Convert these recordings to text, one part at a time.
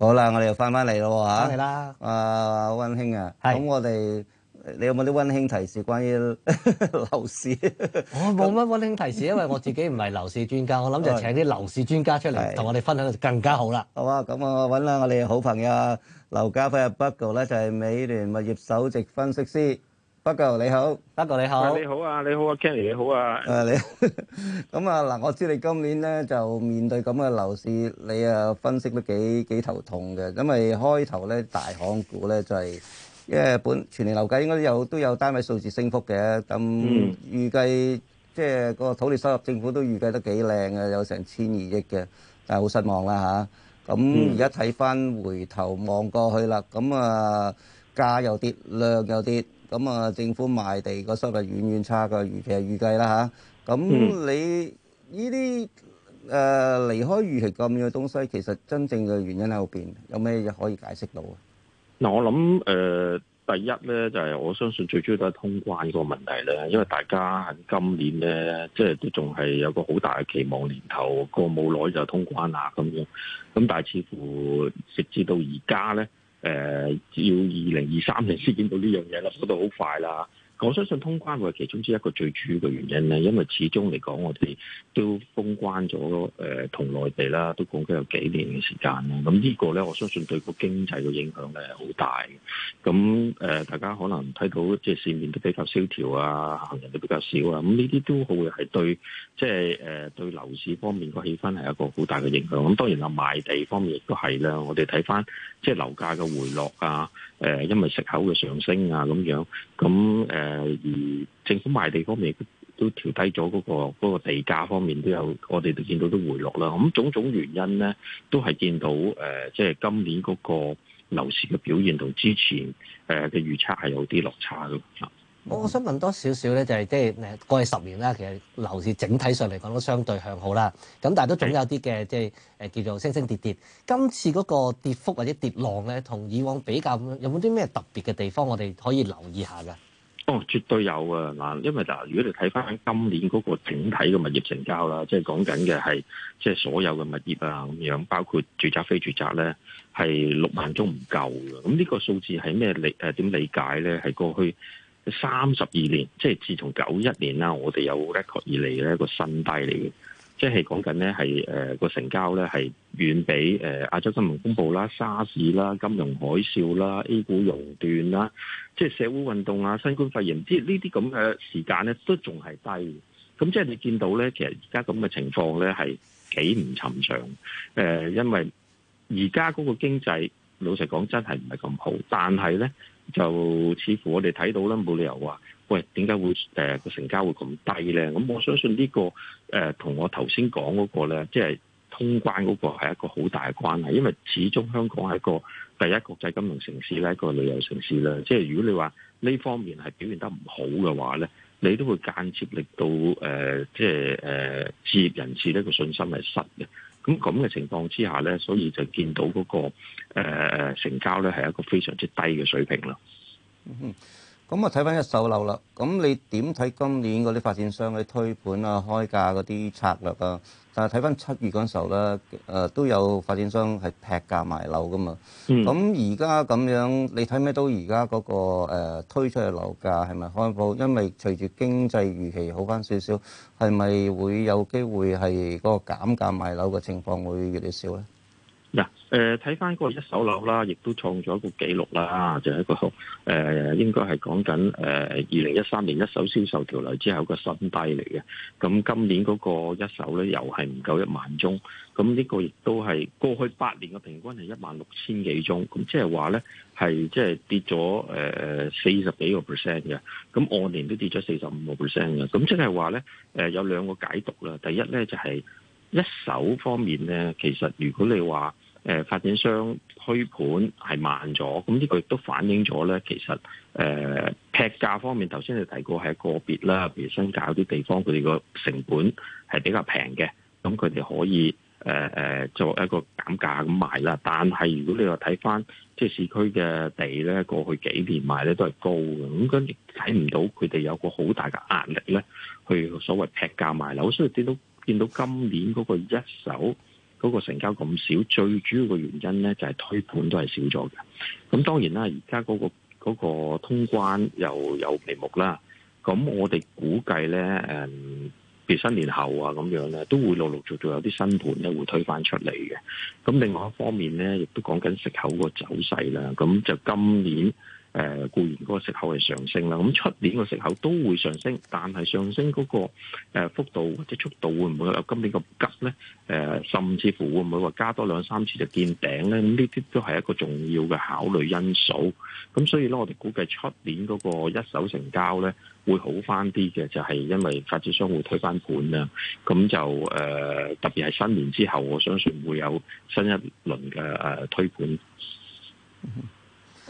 好啦，我哋又翻翻嚟咯喎嚇！翻嚟啦，啊溫馨啊，咁我哋你有冇啲溫馨提示關於 樓市？我冇乜溫馨提示， 因為我自己唔係樓市專家，我諗就請啲樓市專家出嚟同我哋分享就更加好啦。好啊，咁我揾啦我哋好朋友劉嘉輝啊，Buckle 咧就係美聯物業首席分析師。不夠你好，不夠你好，你好啊，你好啊，Kenny 你好啊，啊你咁啊嗱，我知你今年咧就面對咁嘅樓市，你啊分析都幾幾頭痛嘅，因為開頭咧大行股咧就係因為本全年樓價應該有都有單位數字升幅嘅，咁預計即係個土地收入政府都預計得幾靚嘅，有成千二億嘅，但係好失望啦嚇。咁而家睇翻回頭望過去啦，咁啊價有跌，量有跌。咁啊，政府賣地個收入遠遠差過預期預計啦吓。咁你呢啲誒離開預期咁樣嘅東西，其實真正嘅原因喺後邊，有咩嘢可以解釋到啊？嗱，我諗誒、呃，第一咧就係、是、我相信最主要都係通關呢個問題咧，因為大家今年咧，即係都仲係有個好大嘅期望，年頭過冇耐就通關啦咁樣。咁但係似乎直至到而家咧。誒、呃、要二零二三年先見到呢樣嘢啦，速度好快啦～我相信通關會係其中之一個最主要嘅原因咧，因為始終嚟講，我哋都封關咗，誒、呃、同內地啦，都講咗有幾年嘅時間啦。咁呢個咧，我相信對個經濟嘅影響咧係好大嘅。咁誒、呃，大家可能睇到即係市面都比較蕭條啊，行人都比較少啊。咁呢啲都會係對，即係誒對樓市方面個氣氛係一個好大嘅影響。咁當然啊，賣地方面亦都係啦。我哋睇翻即係樓價嘅回落啊，誒、呃、因為息口嘅上升啊咁樣，咁誒、呃誒，而政府賣地方面都調低咗嗰、嗰個、嗰個地價方面都有，我哋都見到都回落啦。咁種種原因咧，都係見到誒，即、呃、係、就係、今年嗰個樓市嘅表現同之前誒嘅預測係有啲落差嘅。我想問多少少咧，就係即係誒過去十年啦，其實樓市整體上嚟講都相對向好啦。咁但係都總有啲嘅即係誒叫做升升跌跌。今次嗰個跌幅或者跌浪咧，同以往比較有冇啲咩特別嘅地方，我哋可以留意一下噶？哦，絕對有啊！嗱，因為嗱，如果你睇翻今年嗰個整體嘅物業成交啦，即係講緊嘅係即係所有嘅物業啊咁樣，包括住宅、非住宅咧，係六萬宗唔夠嘅。咁呢個數字係咩理點理解咧？係過去三十二年，即係自從九一年啦，我哋有 record 以嚟咧一個新低嚟嘅。即係講緊咧，係誒個成交咧係遠比誒呃、亞洲新聞公布啦、沙士啦、金融海嘯啦、A 股熔斷啦，即係社會運動啊、新冠肺炎，即係呢啲咁嘅時間咧，都仲係低。咁即係你見到咧，其實而家咁嘅情況咧係幾唔尋常。誒、呃，因為而家嗰個經濟老實講真係唔係咁好，但係咧就似乎我哋睇到啦，冇理由話。喂，點解會誒個、呃、成交會咁低咧？咁我相信呢、這個誒同、呃、我頭先講嗰個咧，即係通關嗰個係一個好大嘅關係，因為始終香港係一個第一國際金融城市咧，一個旅遊城市啦。即係如果你話呢方面係表現得唔好嘅話咧，你都會間接令到誒、呃、即係誒置業人士呢個信心係失嘅。咁咁嘅情況之下咧，所以就見到嗰、那個誒、呃、成交咧係一個非常之低嘅水平咯。嗯。咁我睇翻一手樓啦。咁你點睇今年嗰啲發展商嘅推盤啊、開價嗰啲策略啊？但係睇翻七月嗰陣時候咧，誒、呃、都有發展商係劈價賣樓噶嘛。咁而家咁樣，你睇咩到而家嗰個、呃、推出嘅樓價係咪開放？因為隨住經濟預期好翻少少，係咪會有機會係嗰個減價賣樓嘅情況會越嚟越少咧？嗱、yeah, 呃，睇翻個一手樓啦，亦都創咗一個紀錄啦，就係、是、一個誒、呃、應該係講緊誒二零一三年一手銷售條例之後個新低嚟嘅。咁今年嗰個一手咧又係唔夠一萬宗，咁呢個亦都係過去八年嘅平均係一萬六千幾宗，咁即係話咧係即係跌咗誒四十幾個 percent 嘅，咁、呃、按年都跌咗四十五個 percent 嘅。咁即係話咧有兩個解讀啦，第一咧就係、是。一手方面咧，其實如果你話誒、呃、發展商推盤係慢咗，咁呢個亦都反映咗咧，其實誒、呃、劈價方面，頭先你提過係個別啦，譬如新界嗰啲地方，佢哋個成本係比較平嘅，咁佢哋可以誒誒作為一個減價咁賣啦。但係如果你話睇翻即係市區嘅地咧，過去幾年賣咧都係高嘅，咁跟住睇唔到佢哋有個好大嘅壓力咧，去所謂劈價賣樓，所以啲都。見到今年嗰個一手嗰個成交咁少，最主要嘅原因呢就係、是、推盤都係少咗嘅。咁當然啦，而家嗰個嗰、嗰個通關又有眉目啦。咁我哋估計呢，誒，譬如新年後啊咁樣咧，都會陸陸,陸續續有啲新盤咧會推返出嚟嘅。咁另外一方面呢，亦都講緊息口個走勢啦。咁就今年。誒固然嗰個息口係上升啦，咁出年個息口都會上升，但係上升嗰、那個、呃、幅度或者速度會唔會有今年咁急咧？誒、呃，甚至乎會唔會話加多兩三次就見頂咧？咁呢啲都係一個重要嘅考慮因素。咁所以咧，我哋估計出年嗰個一手成交咧會好返啲嘅，就係、是、因為發展商會推返盤啊。咁就誒、呃，特別係新年之後，我相信會有新一輪嘅誒推盤。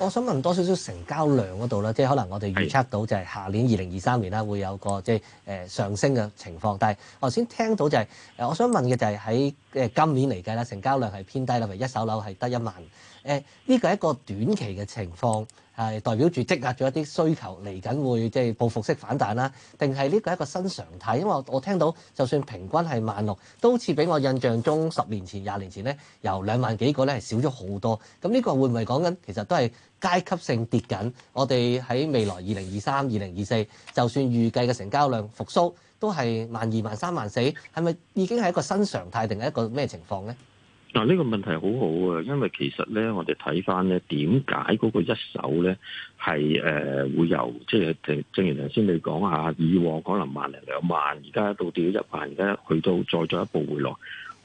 我想問多少少成交量嗰度啦，即係可能我哋預測到就係下年二零二三年啦，會有個即係誒上升嘅情況。但係我頭先聽到就係誒，我想問嘅就係喺。今年嚟計啦，成交量係偏低啦，為一手樓係得一萬。呢個係一個短期嘅情況，係代表住積壓咗一啲需求，嚟緊會即係報復式反彈啦，定係呢個係一個新常態？因為我聽聽到就算平均係萬六，都似比我印象中十年前、廿年前呢，由兩萬幾個呢係少咗好多。咁呢個會唔會講緊其實都係階級性跌緊？我哋喺未來二零二三、二零二四，就算預計嘅成交量復甦。都係萬二萬三萬四，係咪已經係一個新常態定係一個咩情況咧？嗱，呢個問題好好啊，因為其實咧，我哋睇翻咧，點解嗰個一手咧係誒會由即係正如頭先你講下，以往可能萬零兩萬，而家到跌咗一萬，而家去到再進一步回落。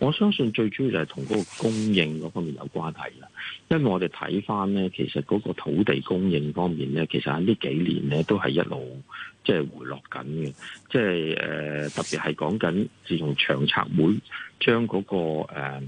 我相信最主要就係同嗰個供應嗰方面有關係啦，因為我哋睇返咧，其實嗰個土地供應方面咧，其實喺呢幾年咧都係一路即係、就是、回落緊嘅，即係誒特別係講緊自從長策會將嗰、那個誒、呃、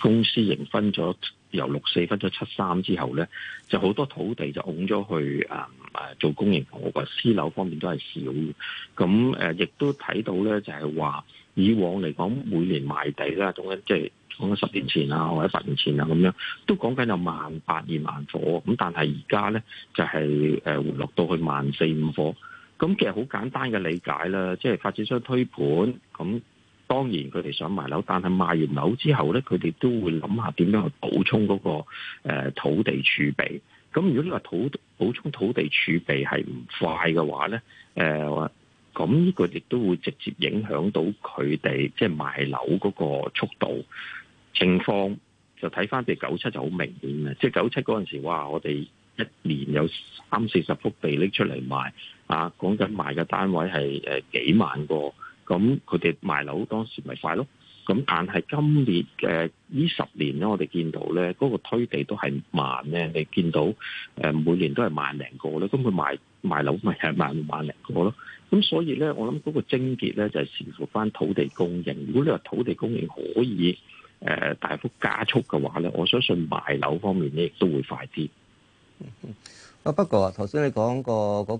公私營分咗由六四分咗七三之後咧，就好多土地就拱咗去啊。呃誒，做公營房屋嘅私樓方面都係少嘅，咁誒亦都睇到咧，就係話以往嚟講每年賣地啦，總係即係講緊十年前啊或者八年前啊咁樣，都講緊有萬八二萬伙，咁但係而家咧就係誒回落到去萬四五伙，咁其實好簡單嘅理解啦，即係發展商推盤，咁當然佢哋想賣樓，但係賣完樓之後咧，佢哋都會諗下點樣去補充嗰個誒土地儲備。咁如果呢個土補充土地儲備係唔快嘅話咧，誒、呃，咁呢個亦都會直接影響到佢哋即係賣樓嗰個速度情況。就睇翻地九七就好明顯啦，即係九七嗰陣時，哇！我哋一年有三四十幅地拎出嚟賣啊，講緊賣嘅單位係誒幾萬個，咁佢哋賣樓當時咪快咯。咁但係今年誒呢十年咧，我哋見到咧，嗰個推地都係慢咧。你見到誒每年都係萬零個咧，咁佢賣賣樓咪係萬萬零個咯。咁所以咧，我諗嗰個症結咧就係視乎翻土地供應。如果你話土地供應可以誒大幅加速嘅話咧，我相信賣樓方面咧亦都會快啲。啊不過頭先你講個嗰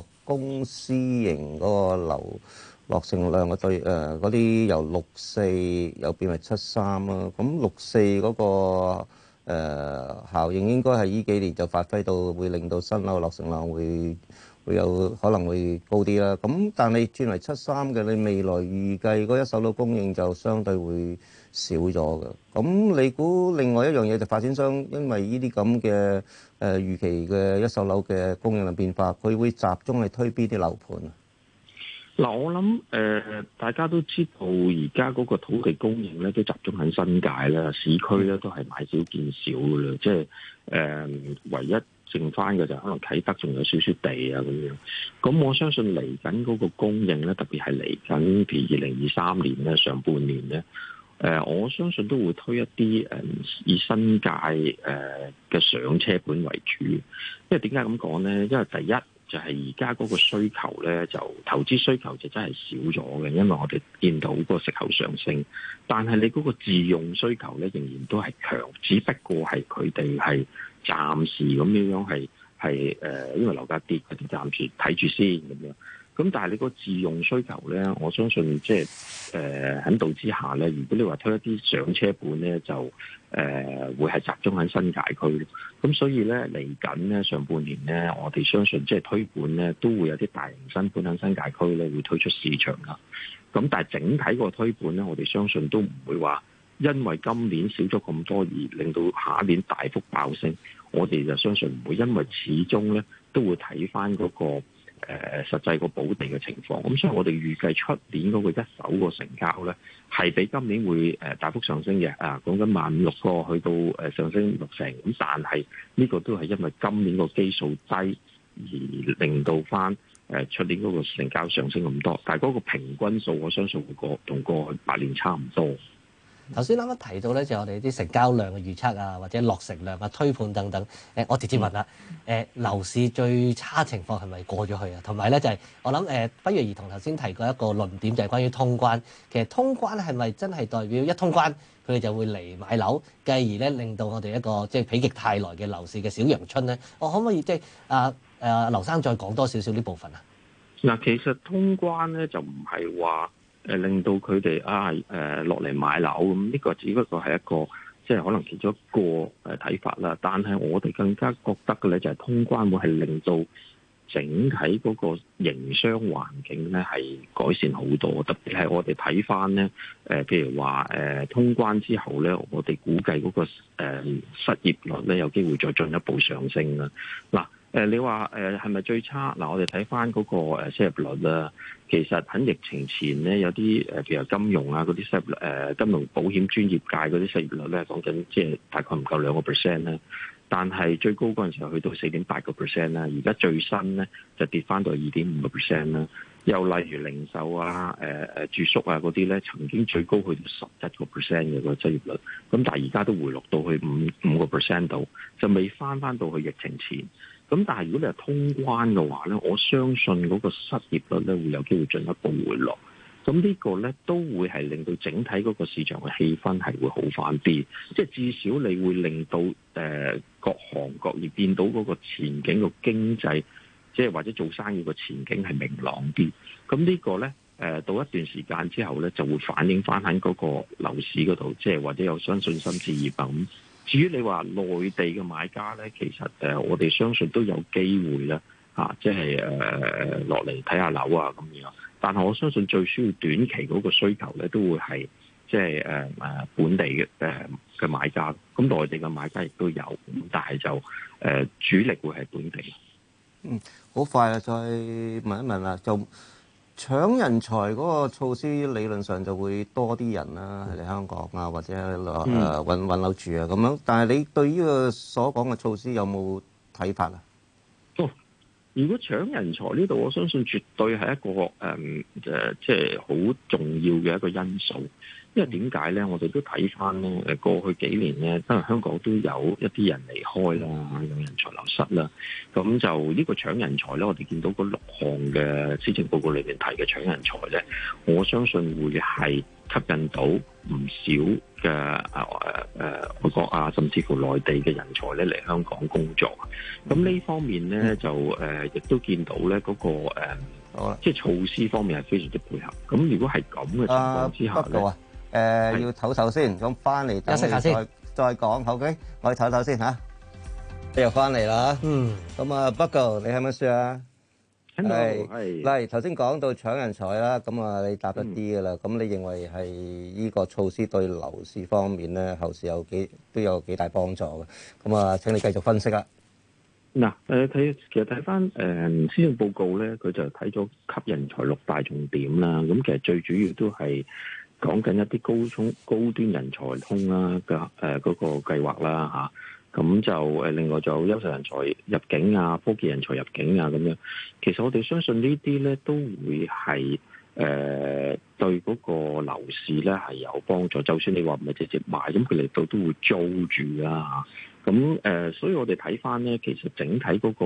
個公私營嗰個樓。落成量我對誒，嗰啲由六四又變為七三啦。咁六四嗰個，呃，效應應該係呢幾年就發揮到，會令到新樓落成量會會有可能會高啲啦。咁但你轉為七三嘅，你未來預計嗰一手樓供應就相對會少咗嘅。咁你估另外一樣嘢就發展商，因為呢啲咁嘅誒預期嘅一手樓嘅供應量變化，佢會集中去推邊啲樓盤？嗱，我諗誒，大家都知道而家嗰個土地供應咧，都集中喺新界啦，市區咧都係買少見少嘅啦。即係誒、呃，唯一剩翻嘅就可能啟德仲有少少地啊，咁樣。咁我相信嚟緊嗰個供應咧，特別係嚟緊，譬如二零二三年咧，上半年咧，誒、呃，我相信都會推一啲誒，以新界誒嘅上車盤為主。因為點解咁講咧？因為第一。就係而家嗰個需求咧，就投資需求就真係少咗嘅，因為我哋見到嗰個息口上升。但係你嗰個自用需求咧，仍然都係強，只不過係佢哋係暫時咁樣樣係係誒，因為樓價跌，佢哋暫時睇住先咁樣。咁但係你個自用需求咧，我相信即係誒，喺度之下咧，如果你話推一啲上車盤咧，就誒、呃、會係集中喺新界區。咁所以咧，嚟緊咧，上半年咧，我哋相信即係推盤咧，都會有啲大型新盤喺新界區咧會推出市場啦。咁但係整體個推盤咧，我哋相信都唔會話因為今年少咗咁多而令到下一年大幅爆升。我哋就相信唔會，因為始終咧都會睇翻嗰個。誒實際個補地嘅情況，咁所以我哋預計出年嗰個一手個成交咧，係比今年會大幅上升嘅。啊，講緊萬五六個去到上升六成，咁但係呢個都係因為今年個基數低而令到翻誒出年嗰個成交上升咁多，但係嗰個平均數我相信會同過去八年差唔多。頭先啱啱提到咧，就係我哋啲成交量嘅預測啊，或者落成量啊、推盤等等。我直接問啦，誒樓市最差情況係咪過咗去啊？同埋咧，就係我諗誒，不約而同頭先提過一個論點，就係關於通關。其實通關係咪真係代表一通關，佢哋就會嚟買樓，繼而咧令到我哋一個即係否極泰來嘅樓市嘅小陽春咧？我可唔可以即係啊？誒、啊，劉生再講多少少呢部分啊？嗱，其實通關咧就唔係話。誒令到佢哋啊誒落嚟買樓咁，呢、這個只不過係一個即係、就是、可能其中一個誒睇法啦。但係我哋更加覺得嘅咧，就係、是、通關會係令到整體嗰個營商環境咧係改善好多。特別係我哋睇翻咧誒，譬如話誒、呃、通關之後咧，我哋估計嗰、那個、呃、失業率咧有機會再進一步上升啦。嗱、啊。誒你話誒係咪最差？嗱，我哋睇翻嗰個失業率啦。其實喺疫情前咧，有啲誒譬如金融啊嗰啲失業率誒金融保險專業界嗰啲失業率咧，講緊即係大概唔夠兩個 percent 啦。但係最高嗰陣時候去到四點八個 percent 啦。而家最新咧就跌翻到二點五個 percent 啦。又例如零售啊、誒誒住宿啊嗰啲咧，曾經最高去到十一個 percent 嘅個失業率。咁但係而家都回落到去五五個 percent 度，就未翻翻到去疫情前。咁但係如果你係通關嘅話咧，我相信嗰個失業率咧會有機會進一步回落。咁呢個咧都會係令到整體嗰個市場嘅氣氛係會好翻啲，即係至少你會令到各行各業見到嗰個前景個經濟，即係或者做生意個前景係明朗啲。咁呢個咧到一段時間之後咧就會反映翻喺嗰個樓市嗰度，即係或者有相信心置業咁。至於你話內地嘅買家咧，其實誒，我哋相信都有機會啦，嚇、啊，即係誒落嚟睇下樓啊咁樣。但係我相信最需要短期嗰個需求咧，都會係即係誒誒本地嘅誒嘅買家。咁內地嘅買家亦都有，咁但係就誒、呃、主力會係本地。嗯，好快啊！再問一問啦，就。搶人才嗰個措施理論上就會多啲人啦嚟香港啊，或者落誒揾揾樓住啊咁樣。但係你對於呢個所講嘅措施有冇睇法啊、哦？如果搶人才呢度，我相信絕對係一個誒誒、嗯呃，即係好重要嘅一個因素。因為點解咧？我哋都睇返咧，誒過去幾年咧，因為香港都有一啲人離開啦，有人才流失啦，咁就呢個搶人才咧，我哋見到嗰六項嘅施政報告裏面提嘅搶人才咧，我相信會係吸引到唔少嘅啊誒誒外國啊，甚至乎內地嘅人才咧嚟香港工作。咁呢方面咧，就誒亦、啊、都見到咧、那、嗰個、啊、即係措施方面係非常之配合。咁如果係咁嘅情況之下咧。啊誒，要唞唞先，咁翻嚟，等嚟，再再講。好嘅，我唞唞先吓，你又翻嚟啦，嗯，咁啊，Buckle，你係乜書啊？聽到係，嚟，頭先講到搶人才啦，咁啊，你答得啲噶啦，咁你認為係呢個措施對樓市方面咧，後市有幾都有幾大幫助嘅？咁啊，請你繼續分析啦。嗱，誒睇，其實睇翻，誒，施政報告咧，佢就睇咗吸引人才六大重點啦，咁其實最主要都係。講緊一啲高聳高端人才通啦嗰個計劃啦嚇，咁就另外就優秀人才入境啊，科技人才入境啊咁樣，其實我哋相信呢啲咧都會係誒對嗰個樓市咧係有幫助，就算你話唔係直接買，咁佢嚟到都會租住啦。咁誒、呃，所以我哋睇翻咧，其實整體嗰、嗰個、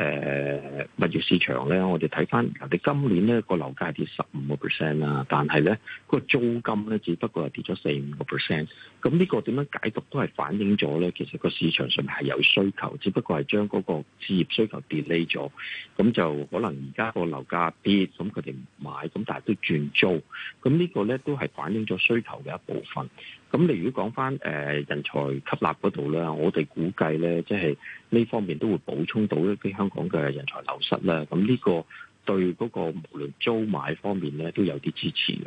呃、物業市場咧，我哋睇翻，嗱，今年咧、嗰個樓價跌十五個 percent 啦，但係咧個租金咧只不過係跌咗四五個 percent，咁呢個點樣解讀都係反映咗咧，其實個市場上面係有需求，只不過係將嗰個置業需求 delay 咗，咁就可能而家個樓價跌，咁佢哋唔買，咁但係都轉租，咁呢個咧都係反映咗需求嘅一部分。咁你如果講翻誒人才吸納嗰度咧，我哋估計咧，即係呢方面都會補充到一啲香港嘅人才流失啦。咁呢個對嗰個無論租買方面咧，都有啲支持嘅。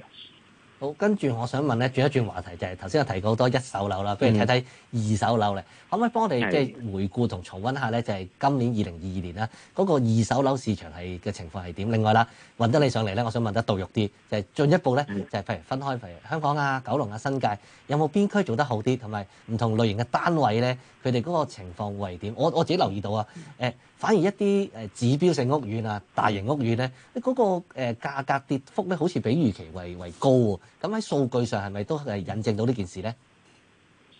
好，跟住我想問咧，轉一轉話題，就係頭先我提過好多一手樓啦，嗯，不如睇睇二手樓嚟，可唔可以幫我哋即係回顧同重溫下咧？就係、是、今年二零二二年啦，嗰、那個二手樓市場係嘅情況係點？另外啦，揾得你上嚟咧，我想問得到肉啲，就係、是、進一步咧，就係、是、譬如分開譬如香港啊、九龍啊、新界有冇邊區做得好啲，同埋唔同類型嘅單位咧，佢哋嗰個情況會係點？我我自己留意到啊，誒反而一啲誒指標性屋苑啊，大型屋苑咧，嗰個誒價格跌幅咧，好似比預期為為高喎。咁喺數據上係咪都係引證到呢件事咧？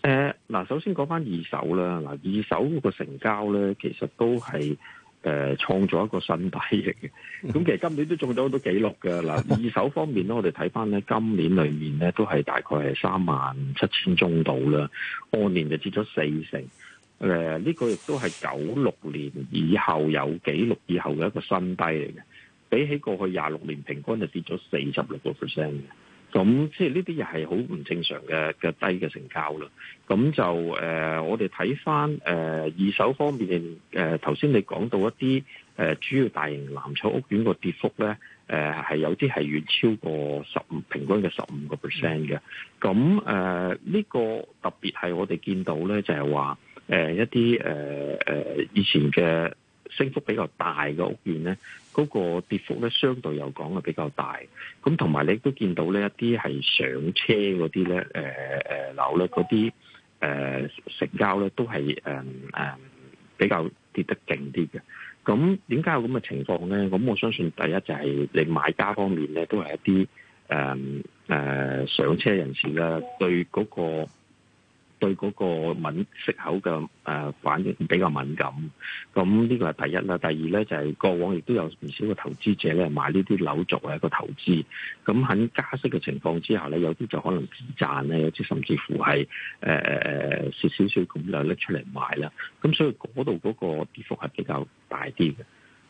誒嗱，首先講翻二手啦。嗱，二手個成交咧，其實都係誒創咗一個新低嚟嘅。咁其實今年都創咗好多紀錄嘅。嗱， 二手方面咧，我哋睇翻咧，今年裏面咧都係大概係三萬七千宗度啦，按年就跌咗四成。誒、呃，呢、這個亦都係九六年以後有紀錄以後嘅一個新低嚟嘅，比起過去廿六年平均就跌咗四十六個 percent 嘅，咁即係呢啲又係好唔正常嘅嘅低嘅成交啦。咁就誒、呃，我哋睇翻誒二手方面，誒頭先你講到一啲誒、呃、主要大型藍籌屋苑個跌幅咧，誒、呃、係有啲係遠超過十五平均嘅十五個 percent 嘅。咁誒呢個特別係我哋見到咧，就係、是、話。誒、呃、一啲誒誒以前嘅升幅比較大嘅屋苑咧，嗰個跌幅咧相對又講係比較大。咁同埋你都見到呢一啲係上車嗰啲咧，誒、呃、誒、呃、樓咧嗰啲誒成交咧都係誒誒比較跌得勁啲嘅。咁點解有咁嘅情況咧？咁我相信第一就係你買家方面咧都係一啲誒誒上車人士啦，對嗰個。對嗰個敏息口嘅誒反應比較敏感，咁呢個係第一啦。第二咧就係過往亦都有唔少嘅投資者咧買呢啲樓作為一個投資，咁喺加息嘅情況之下咧，有啲就可能止賺咧，有啲甚至乎係誒誒誒蝕少少咁樣咧出嚟賣啦。咁所以嗰度嗰個跌幅係比較大啲嘅。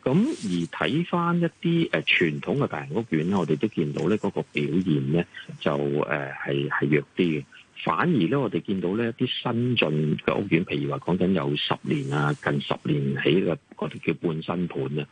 咁而睇返一啲誒傳統嘅大型屋苑咧，我哋都見到咧嗰個表現咧就誒係係弱啲嘅。反而咧，我哋見到咧一啲新進嘅屋苑，譬如話講緊有十年啊，近十年起嘅，我哋叫半新盤啊，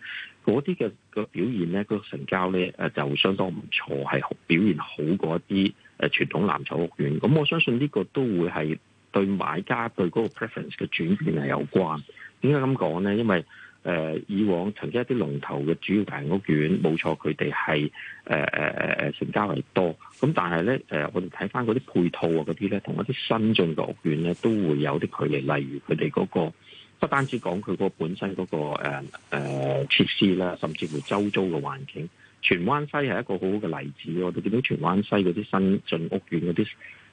嗰啲嘅嘅表現咧，嗰個成交咧誒就相當唔錯，係表現好過一啲誒傳統藍籌屋苑。咁我相信呢個都會係對買家對嗰個 preference 嘅轉變係有關。點解咁講咧？因為誒、呃、以往曾經一啲龍頭嘅主要大型屋苑，冇錯，佢哋係誒誒誒誒成交為多，咁但係咧誒，我哋睇翻嗰啲配套啊嗰啲咧，同一啲新進嘅屋苑咧，都會有啲距離，例如佢哋嗰個不單止講佢嗰個本身嗰、嗰個誒誒、呃呃、設施啦，甚至乎周遭嘅環境，荃灣西係一個很好好嘅例子。我哋見到荃灣西嗰啲新進屋苑嗰啲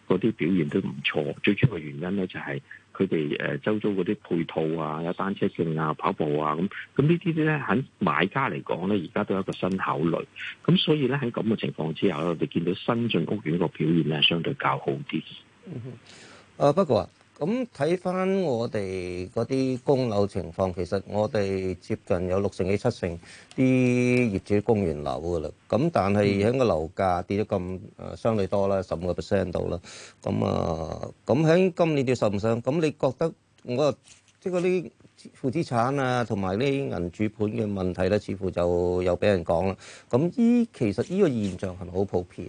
啲表現都唔錯，最主要嘅原因咧就係、是。佢哋誒周遭嗰啲配套啊，有單車徑啊、跑步啊咁，咁呢啲咧喺買家嚟講咧，而家都有一個新考慮。咁所以咧喺咁嘅情況之下咧，我哋見到新進屋苑個表現咧相對較好啲。啊不過啊。咁睇翻我哋嗰啲供樓情況，其實我哋接近有六成幾七成啲業主供完樓㗎啦。咁但係喺個樓價跌咗咁誒相對多啦，十五個 percent 度啦。咁啊，咁喺今年啲受唔上，咁你覺得我即係嗰啲負資產啊，同埋啲銀主盤嘅問題咧，似乎就又俾人講啦。咁依其實呢個現象係咪好普遍？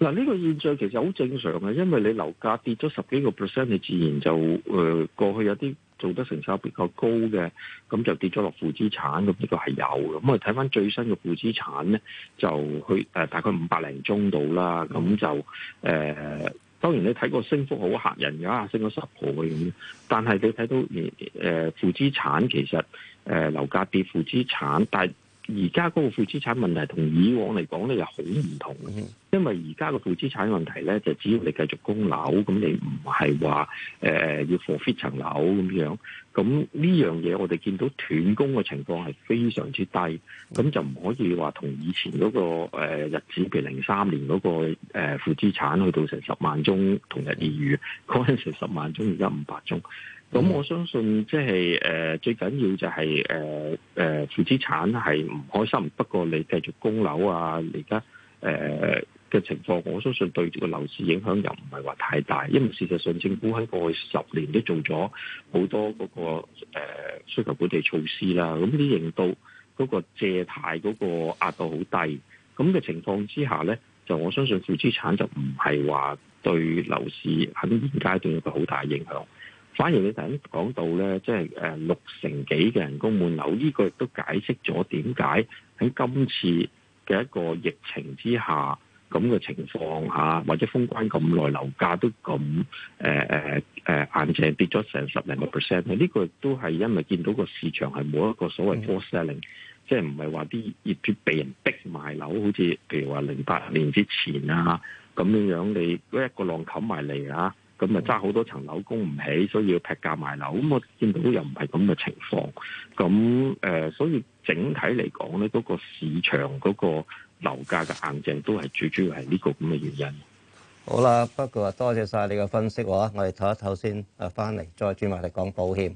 嗱，呢個現象其實好正常嘅，因為你樓價跌咗十幾個 percent，你自然就誒、呃、過去有啲做得成數比較高嘅，咁就跌咗落負資產，咁呢個係有。咁你睇翻最新嘅負資產咧，就去誒、呃、大概五百零宗度啦，咁就誒、呃、當然你睇個升幅好嚇人㗎，啊，升咗十倍咁，但係你睇到誒負資產其實誒樓價跌負資產，但而家嗰個負資產問題同以往嚟講咧又好唔同，因為而家個負資產問題咧，就只要你繼續供樓，咁你唔係話誒要 forfeit 層樓咁樣，咁呢樣嘢我哋見到斷供嘅情況係非常之低，咁就唔可以話同以前嗰個誒日子，譬如零三年嗰個誒負資產去到成十萬宗，同日而語，嗰陣時十萬宗，而家五百宗。咁我相信即係誒，最緊要就係誒誒，負資產係唔開心。不過你繼續供樓啊，而家誒嘅情況，我相信對住個樓市影響又唔係話太大。因為事實上，政府喺過去十年都做咗好多嗰個誒需求本地措施啦。咁呢啲令到嗰個借貸嗰個額度好低。咁嘅情況之下咧，就我相信負資產就唔係話對樓市喺現階段有個好大影響。反而你頭先講到咧，即係誒六成幾嘅人工滿樓，呢個亦都解釋咗點解喺今次嘅一個疫情之下咁嘅情況下，或者封關咁耐，樓價都咁誒誒誒，硬淨跌咗成十零個 percent。呢個都係因為見到個市場係冇一個所謂 for selling，、嗯、即係唔係話啲業主被人逼賣樓，好似譬如話零八年之前啊咁樣樣，你一個浪冚埋嚟啊！咁咪揸好多層樓供唔起，所以要劈價賣樓。咁我見到又唔係咁嘅情況，咁誒，所以整體嚟講咧，嗰個市場嗰個樓價嘅硬淨都係最主要係呢個咁嘅原因。好啦，不過多謝晒你嘅分析喎，我哋唞一唞先，返嚟再轉埋嚟講保險。